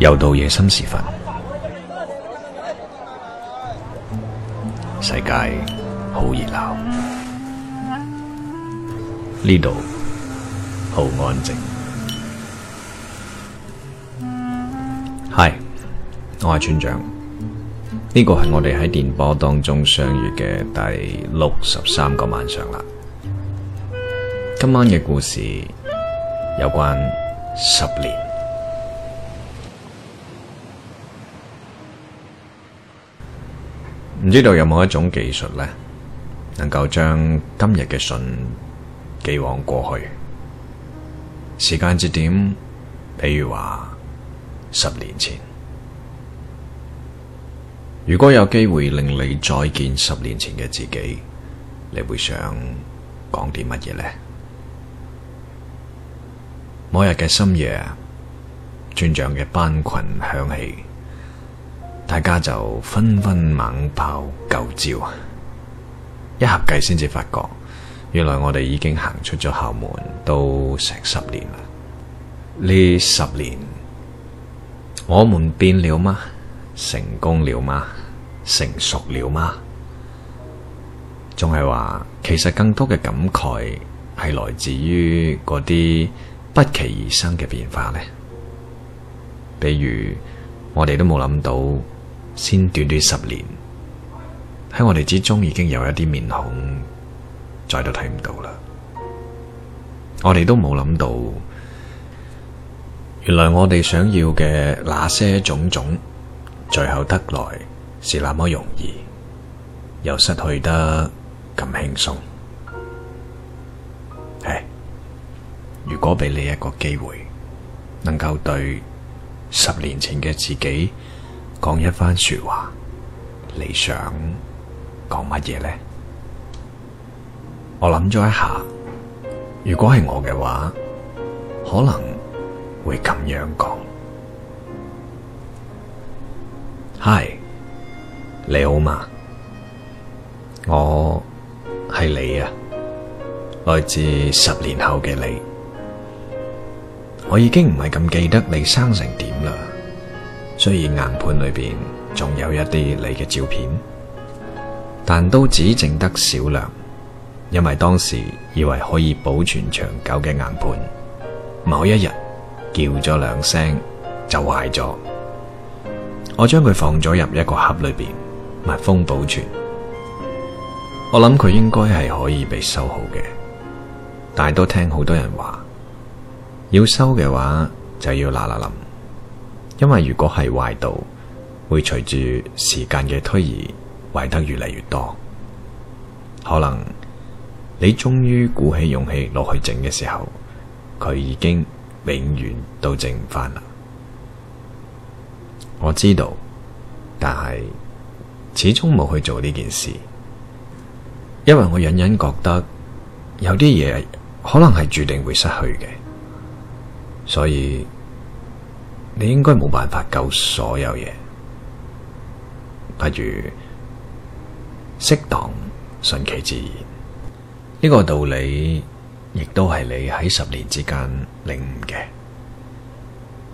又到夜深時分，世界好熱鬧，呢度好安靜。嗨，我係村長，呢個係我哋喺電波當中相遇嘅第六十三個晚上啦。今晚嘅故事有關十年。唔知道有冇一種技術呢，能夠將今日嘅信寄往過去，時間節點，譬如話十年前。如果有機會令你再見十年前嘅自己，你會想講啲乜嘢呢？某日嘅深夜，村長嘅班群響起。大家就紛紛猛爆舊照，一合計先至發覺，原來我哋已經行出咗校門都成十年啦。呢十年，我們變了嗎？成功了嗎？成熟了嗎？仲係話，其實更多嘅感慨係來自於嗰啲不期而生嘅變化呢？比如。我哋都冇諗到，先短短十年，喺我哋之中已經有一啲面孔，再都睇唔到啦。我哋都冇諗到，原來我哋想要嘅那些種種，最後得來是那麼容易，又失去得咁輕鬆。係，如果俾你一個機會，能夠對。十年前嘅自己，講一番說話，你想講乜嘢呢？我諗咗一下，如果係我嘅話，可能會咁樣講。嗨，你好嘛？我係你啊，來自十年後嘅你。我已經唔係咁記得你生成點啦，雖然硬盤裏邊仲有一啲你嘅照片，但都只剩得少量，因為當時以為可以保存長久嘅硬盤，某一日叫咗兩聲就壞咗，我將佢放咗入一個盒裏邊，密封保存，我諗佢應該係可以被收好嘅，但都聽好多人話。要收嘅話就要嗱嗱林，因為如果係壞道，會隨住時間嘅推移壞得越嚟越多。可能你終於鼓起勇氣落去整嘅時候，佢已經永遠都整唔翻啦。我知道，但係始終冇去做呢件事，因為我隱隱覺得有啲嘢可能係注定會失去嘅。所以你應該冇辦法救所有嘢，不如適當順其自然。呢個道理亦都係你喺十年之間領悟嘅。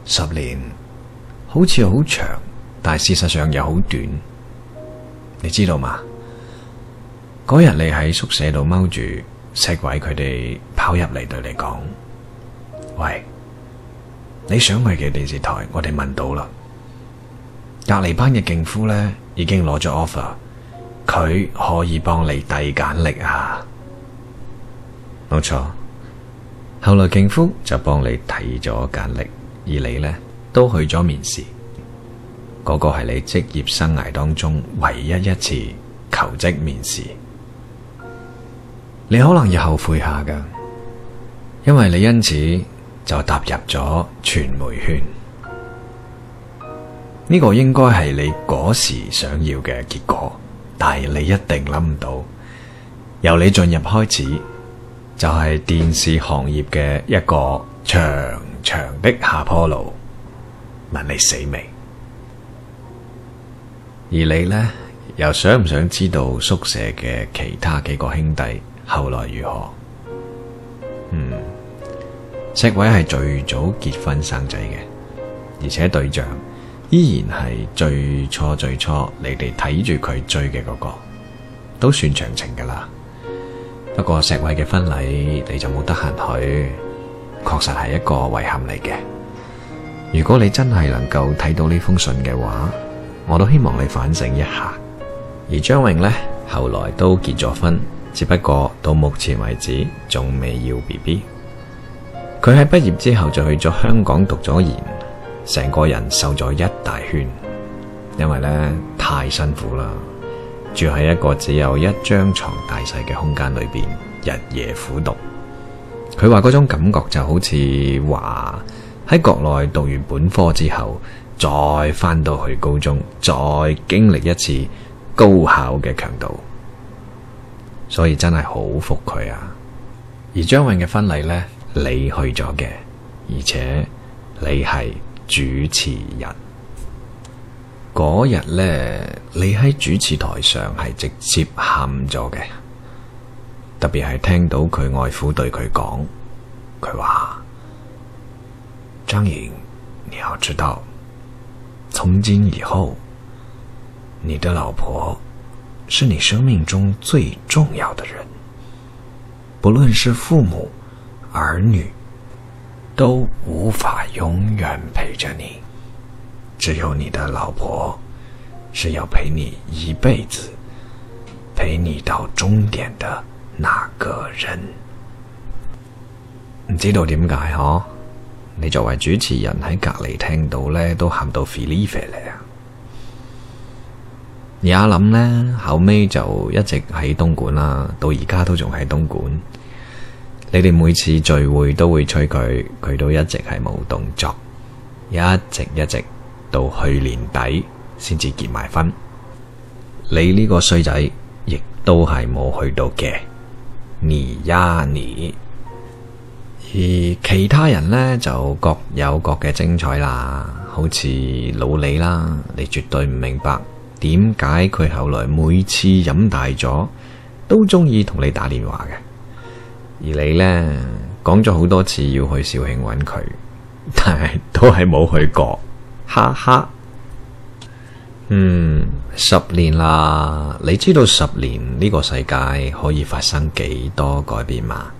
十年好似好長，但係事實上又好短。你知道嗎？嗰日，你喺宿舍度踎住，錫鬼佢哋跑入嚟對你講：喂！你想去嘅電視台，我哋問到啦。隔籬班嘅勁夫咧，已經攞咗 offer，佢可以幫你遞簡歷啊。冇錯，後來勁夫就幫你遞咗簡歷，而你咧都去咗面試。嗰個係你職業生涯當中唯一一次求職面試，你可能要後悔下噶，因為你因此就踏入咗傳媒圈，呢個應該係你嗰時想要嘅結果，但係你一定諗唔到，由你進入開始，就係電視行業嘅一個長長的下坡路，問你死未？而你呢，又想唔想知道宿舍嘅其他幾個兄弟後來如何？石偉係最早結婚生仔嘅，而且對象依然係最初最初你哋睇住佢追嘅嗰個，都算長情噶啦。不過石偉嘅婚禮你就冇得閒去，確實係一個遺憾嚟嘅。如果你真係能夠睇到呢封信嘅話，我都希望你反省一下。而張穎呢，後來都結咗婚，只不過到目前為止仲未要 BB。佢喺畢業之後就去咗香港讀咗研，成個人瘦咗一大圈，因為咧太辛苦啦，住喺一個只有一張床大細嘅空間裏邊，日夜苦讀。佢話嗰種感覺就好似話喺國內讀完本科之後，再翻到去高中，再經歷一次高考嘅強度，所以真係好服佢啊！而張穎嘅婚禮呢。你去咗嘅，而且你係主持人。嗰日咧，你喺主持台上係直接喊咗嘅，特別係聽到佢外父對佢講，佢話：張瑩，你要知道，從今以後，你的老婆是你生命中最重要的人，不論是父母。兒女都無法永遠陪着你，只有你的老婆是要陪你一輩子，陪你到終點的那個人。唔知道點解嗬？你作為主持人喺隔籬聽到咧，都喊到 feelive 嚟啊！而一諗咧，後尾就一直喺東莞啦，到而家都仲喺東莞。你哋每次聚會都會催佢，佢都一直係冇動作，一直一直到去年底先至結埋婚。你呢個衰仔亦都係冇去到嘅，你呀你。而其他人呢，就各有各嘅精彩啦，好似老李啦，你絕對唔明白點解佢後來每次飲大咗都鍾意同你打電話嘅。而你呢，講咗好多次要去肇慶揾佢，但係都係冇去過，哈哈。嗯，十年啦，你知道十年呢個世界可以發生幾多改變嗎？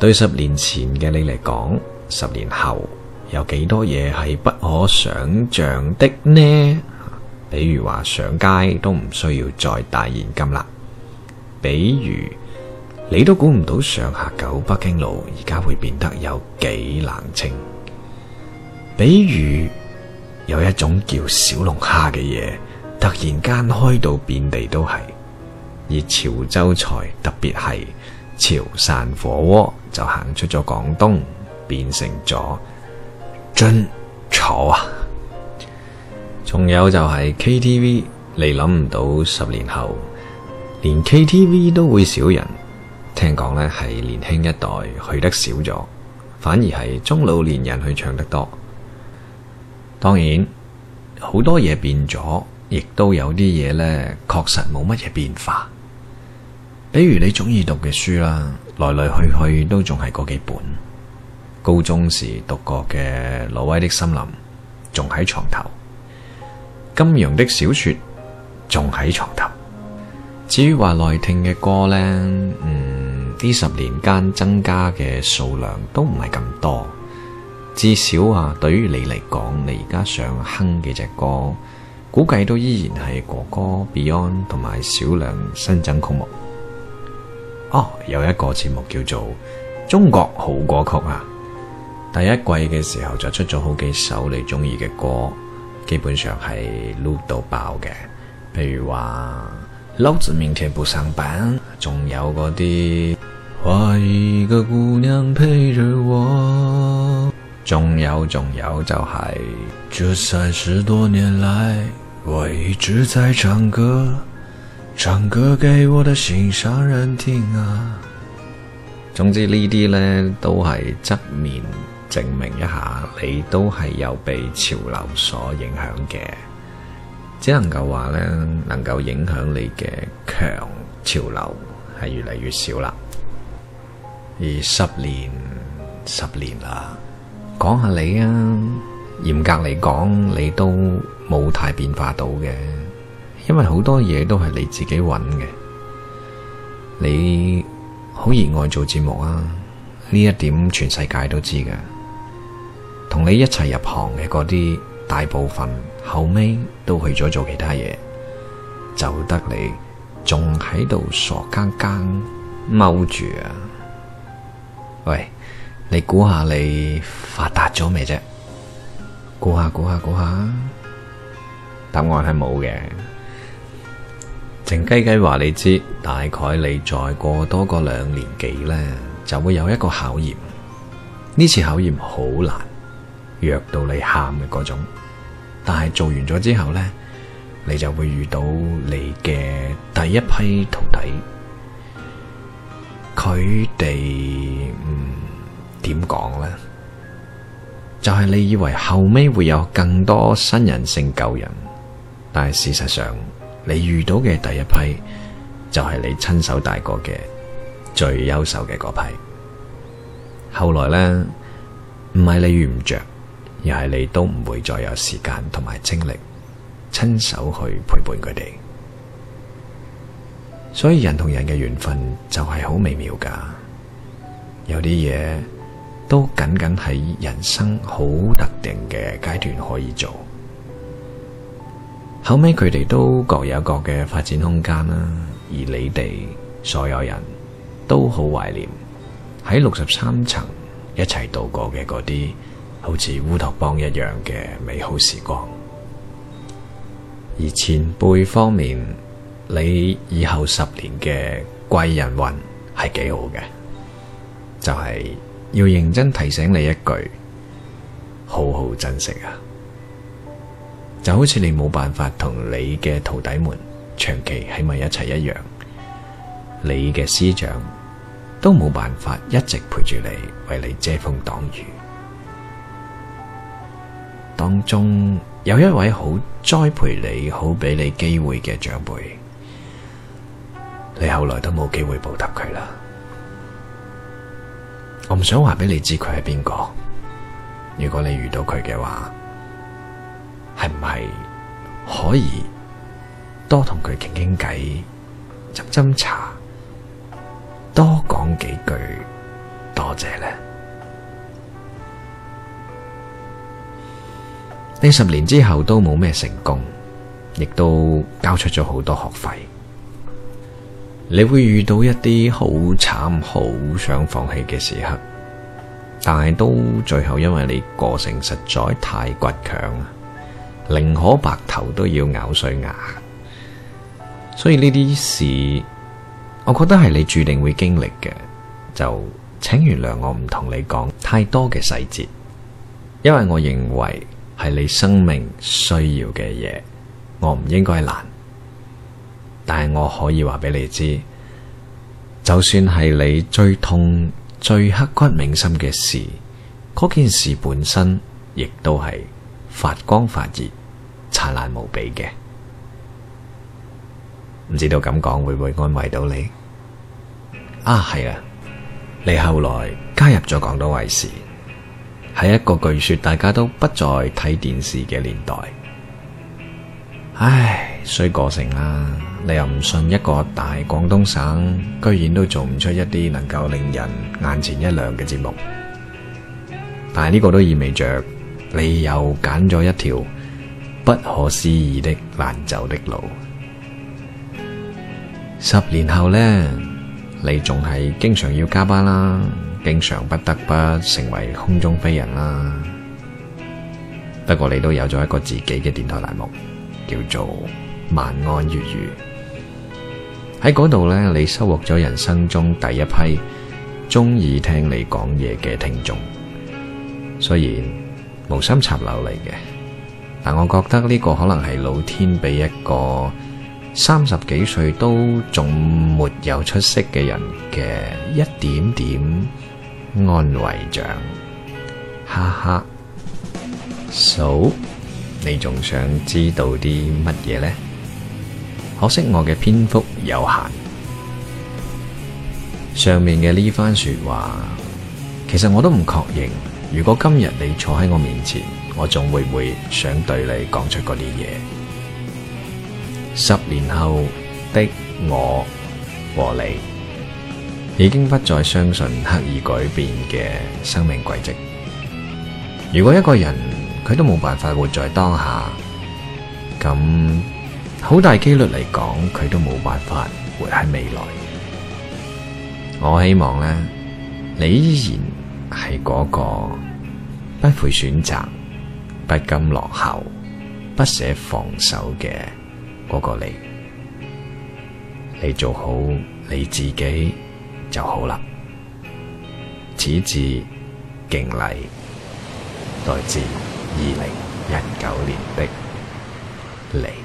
對十年前嘅你嚟講，十年後有幾多嘢係不可想象的呢？比如話上街都唔需要再帶現金啦，比如。你都估唔到上下九北京路而家會變得有幾冷清，比如有一種叫小龍蝦嘅嘢，突然間開到遍地都係；而潮州菜，特別係潮汕火鍋，就行出咗廣東，變成咗真炒啊！仲有就係 KTV，你諗唔到十年後，連 KTV 都會少人。聽講咧係年輕一代去得少咗，反而係中老年人去唱得多。當然好多嘢變咗，亦都有啲嘢咧確實冇乜嘢變化。比如你中意讀嘅書啦，來來去去都仲係嗰幾本。高中時讀過嘅《挪威的森林》仲喺床頭，《金庸的小說》仲喺床頭。至於話來聽嘅歌呢？嗯。呢十年間增加嘅數量都唔係咁多，至少啊，對於你嚟講，你而家想哼嘅隻歌，估計都依然係哥哥 Beyond 同埋少量新增曲目。哦，有一個節目叫做《中國好歌曲》啊，第一季嘅時候就出咗好幾首你中意嘅歌，基本上係 load 到爆嘅，譬如話老子明天不上班，仲有嗰啲。畫一個姑娘陪着我，仲有仲有就係、是，這三十多年來我一直在唱歌，唱歌給我的心上人聽啊。總之呢啲呢都係側面證明一下，你都係有被潮流所影響嘅，只能夠話呢，能夠影響你嘅強潮流係越嚟越少啦。而十年，十年啦，講下你啊，嚴格嚟講，你都冇太變化到嘅，因為好多嘢都係你自己揾嘅。你好熱愛做節目啊，呢一點全世界都知㗎。同你一齊入行嘅嗰啲，大部分後尾都去咗做其他嘢，就得你仲喺度傻更更踎住啊！喂，你估下你發達咗未啫？估下，估下，估下，答案係冇嘅。靜雞雞話你知，大概你再過多個兩年幾咧，就會有一個考驗。呢次考驗好難，弱到你喊嘅嗰種。但係做完咗之後咧，你就會遇到你嘅第一批徒弟。佢哋嗯，點講咧？就係、是、你以為後尾會有更多新人勝舊人，但係事實上，你遇到嘅第一批就係你親手帶過嘅最優秀嘅嗰批。後來咧，唔係你遇唔着，而係你都唔會再有時間同埋精力親手去陪伴佢哋。所以人同人嘅緣分就係好微妙噶有啲嘢都僅僅喺人生好特定嘅階段可以做。後尾，佢哋都各有各嘅發展空間啦，而你哋所有人都好懷念喺六十三層一齊度過嘅嗰啲好似烏托邦一樣嘅美好時光。而前輩方面。你以後十年嘅貴人運係幾好嘅，就係要認真提醒你一句，好好珍惜啊！就好似你冇辦法同你嘅徒弟們長期喺埋一齊一樣，你嘅師長都冇辦法一直陪住你，為你遮風擋雨。當中有一位好栽培你、好俾你機會嘅長輩。你後來都冇機會報答佢啦，我唔想話俾你知佢係邊個。如果你遇到佢嘅話，係唔係可以多同佢傾傾偈、斟斟茶，多講幾句多謝咧？你 十年之後都冇咩成功，亦都交出咗好多學費。你會遇到一啲好慘、好想放棄嘅時刻，但係都最後因為你個性實在太倔強，寧可白頭都要咬碎牙。所以呢啲事，我覺得係你注定會經歷嘅，就請原諒我唔同你講太多嘅細節，因為我認為係你生命需要嘅嘢，我唔應該難。但係我可以話俾你知，就算係你最痛、最刻骨銘心嘅事，嗰件事本身亦都係發光發熱、燦爛無比嘅。唔知道咁講會唔會安慰到你？啊，係啊！你後來加入咗廣東衛視，喺一個據說大家都不再睇電視嘅年代，唉。衰個性啦，啊，你又唔信一個大廣東省，居然都做唔出一啲能夠令人眼前一亮嘅節目。但係呢個都意味着你又揀咗一條不可思議的難走的路。十年後呢，你仲係經常要加班啦，經常不得不成為空中飛人啦。不過你都有咗一個自己嘅電台欄目，叫做。萬安粵語喺嗰度呢，你收穫咗人生中第一批中意聽你講嘢嘅聽眾。雖然無心插柳嚟嘅，但我覺得呢個可能係老天俾一個三十幾歲都仲沒有出息嘅人嘅一點點安慰獎。哈 哈，So 你仲想知道啲乜嘢呢？可惜我嘅篇幅有限，上面嘅呢番說話，其實我都唔確認。如果今日你坐喺我面前，我仲會唔會想對你講出嗰啲嘢？十年後的我，和你已經不再相信刻意改變嘅生命軌跡。如果一個人，佢都冇辦法活在當下，咁。好大機率嚟講，佢都冇辦法活喺未來。我希望咧，你依然係嗰個不悔選擇、不甘落後、不捨放手嘅嗰個你。你做好你自己就好啦。此致敬禮，來自二零一九年的你。